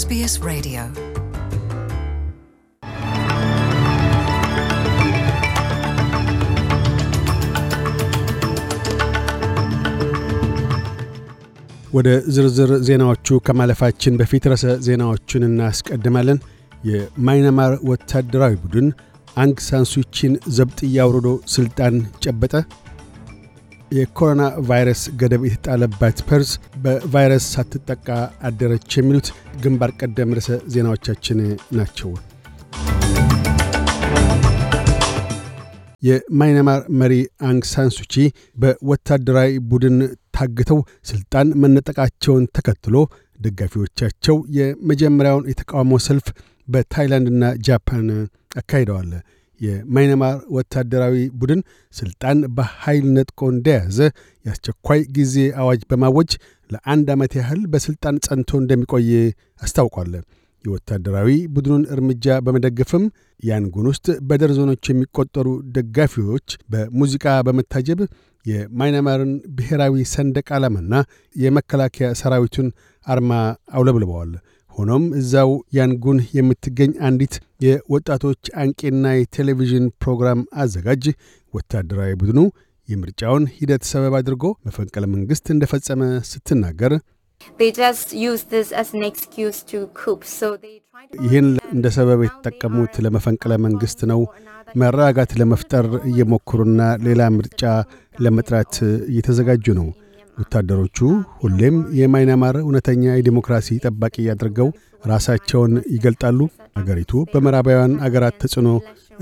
SBS Radio. ወደ ዝርዝር ዜናዎቹ ከማለፋችን በፊት ርዕሰ ዜናዎቹን እናስቀድማለን። የማይናማር ወታደራዊ ቡድን አንግ ሳንሱቺን ዘብጥያ አውርዶ ሥልጣን ጨበጠ። የኮሮና ቫይረስ ገደብ የተጣለባት ፐርዝ በቫይረስ ሳትጠቃ አደረች የሚሉት ግንባር ቀደም ርዕሰ ዜናዎቻችን ናቸው። የማይነማር መሪ አንግ ሳንሱቺ በወታደራዊ ቡድን ታግተው ሥልጣን መነጠቃቸውን ተከትሎ ደጋፊዎቻቸው የመጀመሪያውን የተቃውሞ ሰልፍ በታይላንድና ጃፓን አካሂደዋል። የማይነማር ወታደራዊ ቡድን ስልጣን በኃይል ነጥቆ እንደያዘ የአስቸኳይ ጊዜ አዋጅ በማወጅ ለአንድ ዓመት ያህል በሥልጣን ጸንቶ እንደሚቆይ አስታውቋል። የወታደራዊ ቡድኑን እርምጃ በመደገፍም ያንጉን ውስጥ በደርዘኖች የሚቆጠሩ ደጋፊዎች በሙዚቃ በመታጀብ የማይነማርን ብሔራዊ ሰንደቅ ዓላማና የመከላከያ ሰራዊቱን አርማ አውለብልበዋል። ሆኖም እዛው ያንጉን የምትገኝ አንዲት የወጣቶች አንቂና የቴሌቪዥን ፕሮግራም አዘጋጅ ወታደራዊ ቡድኑ የምርጫውን ሂደት ሰበብ አድርጎ መፈንቀለ መንግሥት እንደፈጸመ ስትናገር ይህን እንደ ሰበብ የተጠቀሙት ለመፈንቅለ መንግሥት ነው። መረጋጋት ለመፍጠር እየሞክሩና ሌላ ምርጫ ለመጥራት እየተዘጋጁ ነው። ወታደሮቹ ሁሌም የማይናማር እውነተኛ የዲሞክራሲ ጠባቂ አድርገው ራሳቸውን ይገልጣሉ። አገሪቱ በምዕራባውያን አገራት ተጽዕኖ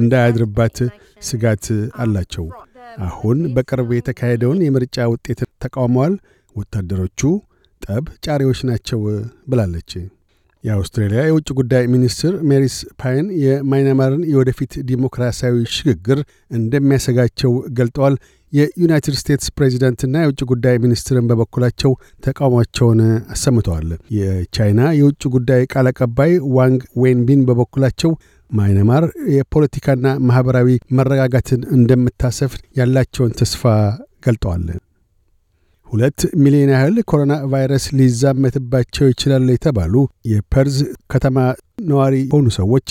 እንዳያድርባት ስጋት አላቸው። አሁን በቅርብ የተካሄደውን የምርጫ ውጤት ተቃውመዋል። ወታደሮቹ ጠብ ጫሪዎች ናቸው ብላለች። የአውስትሬልያ የውጭ ጉዳይ ሚኒስትር ሜሪስ ፓይን የማይናማርን የወደፊት ዲሞክራሲያዊ ሽግግር እንደሚያሰጋቸው ገልጠዋል። የዩናይትድ ስቴትስ ፕሬዚደንትና የውጭ ጉዳይ ሚኒስትርን በበኩላቸው ተቃውሟቸውን አሰምተዋል። የቻይና የውጭ ጉዳይ ቃል አቀባይ ዋንግ ዌንቢን በበኩላቸው ማይነማር የፖለቲካና ማኅበራዊ መረጋጋትን እንደምታሰፍ ያላቸውን ተስፋ ገልጠዋል። ሁለት ሚሊዮን ያህል ኮሮና ቫይረስ ሊዛመትባቸው ይችላል የተባሉ የፐርዝ ከተማ ነዋሪ የሆኑ ሰዎች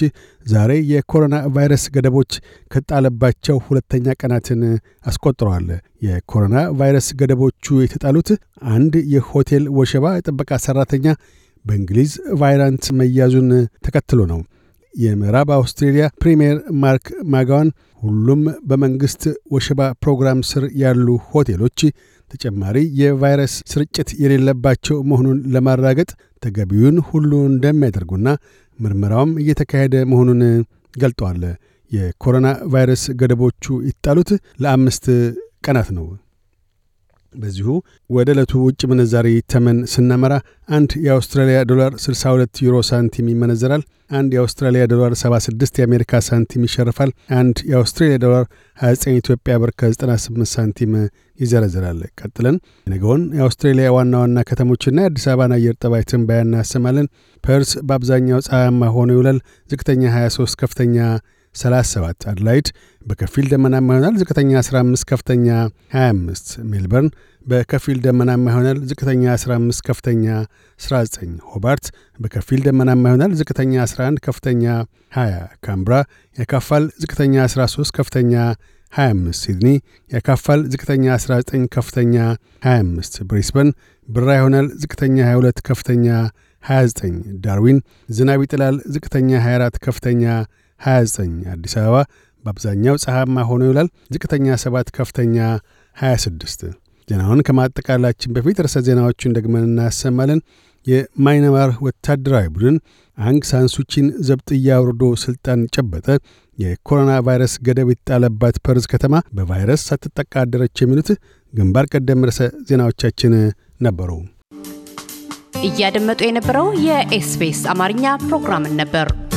ዛሬ የኮሮና ቫይረስ ገደቦች ከተጣለባቸው ሁለተኛ ቀናትን አስቆጥረዋል። የኮሮና ቫይረስ ገደቦቹ የተጣሉት አንድ የሆቴል ወሸባ ጥበቃ ሠራተኛ በእንግሊዝ ቫይራንት መያዙን ተከትሎ ነው። የምዕራብ አውስትሬልያ ፕሪምየር ማርክ ማጋዋን ሁሉም በመንግሥት ወሸባ ፕሮግራም ስር ያሉ ሆቴሎች ተጨማሪ የቫይረስ ስርጭት የሌለባቸው መሆኑን ለማራገጥ ተገቢውን ሁሉ እንደሚያደርጉና ምርመራውም እየተካሄደ መሆኑን ገልጠዋል። የኮሮና ቫይረስ ገደቦቹ ይጣሉት ለአምስት ቀናት ነው። በዚሁ ወደ ዕለቱ ውጭ ምንዛሪ ተመን ስናመራ አንድ የአውስትራሊያ ዶላር 62 ዩሮ ሳንቲም ይመነዘራል። አንድ የአውስትራሊያ ዶላር 76 የአሜሪካ ሳንቲም ይሸርፋል። አንድ የአውስትራሊያ ዶላር 29 ኢትዮጵያ ብር ከ98 ሳንቲም ይዘረዝራል። ቀጥለን ነገውን የአውስትሬሊያ ዋና ዋና ከተሞችና የአዲስ አበባን አየር ጠባይ ትንበያ እናሰማለን። ፐርስ በአብዛኛው ፀሐያማ ሆኖ ይውላል። ዝቅተኛ 23፣ ከፍተኛ 37 አድላይድ በከፊል ደመናማ ይሆናል። ዝቅተኛ 15 ከፍተኛ 25 ሜልበርን በከፊል ደመናማ ይሆናል። ዝቅተኛ 15 ከፍተኛ 19 ሆባርት በከፊል ደመናማ ይሆናል። ዝቅተኛ 11 ከፍተኛ 20 ካምብራ ያካፋል። ዝቅተኛ 13 ከፍተኛ 25 ሲድኒ ያካፋል። ዝቅተኛ 19 ከፍተኛ 25 ብሪስበን ብራ ይሆናል። ዝቅተኛ 22 ከፍተኛ 29 ዳርዊን ዝናብ ይጥላል። ዝቅተኛ 24 ከፍተኛ 29 አዲስ አበባ በአብዛኛው ፀሐያማ ሆኖ ይውላል። ዝቅተኛ 7 ከፍተኛ 26። ዜናውን ከማጠቃላችን በፊት ርዕሰ ዜናዎቹን ደግመን እናሰማለን። የማይነማር ወታደራዊ ቡድን አንግ ሳንሱቺን ዘብጥያ አውርዶ ስልጣን ጨበጠ። የኮሮና ቫይረስ ገደብ የጣለባት ፐርዝ ከተማ በቫይረስ ሳትጠቃ አደረች። የሚሉት ግንባር ቀደም ርዕሰ ዜናዎቻችን ነበሩ። እያደመጡ የነበረው የኤስቢኤስ አማርኛ ፕሮግራምን ነበር።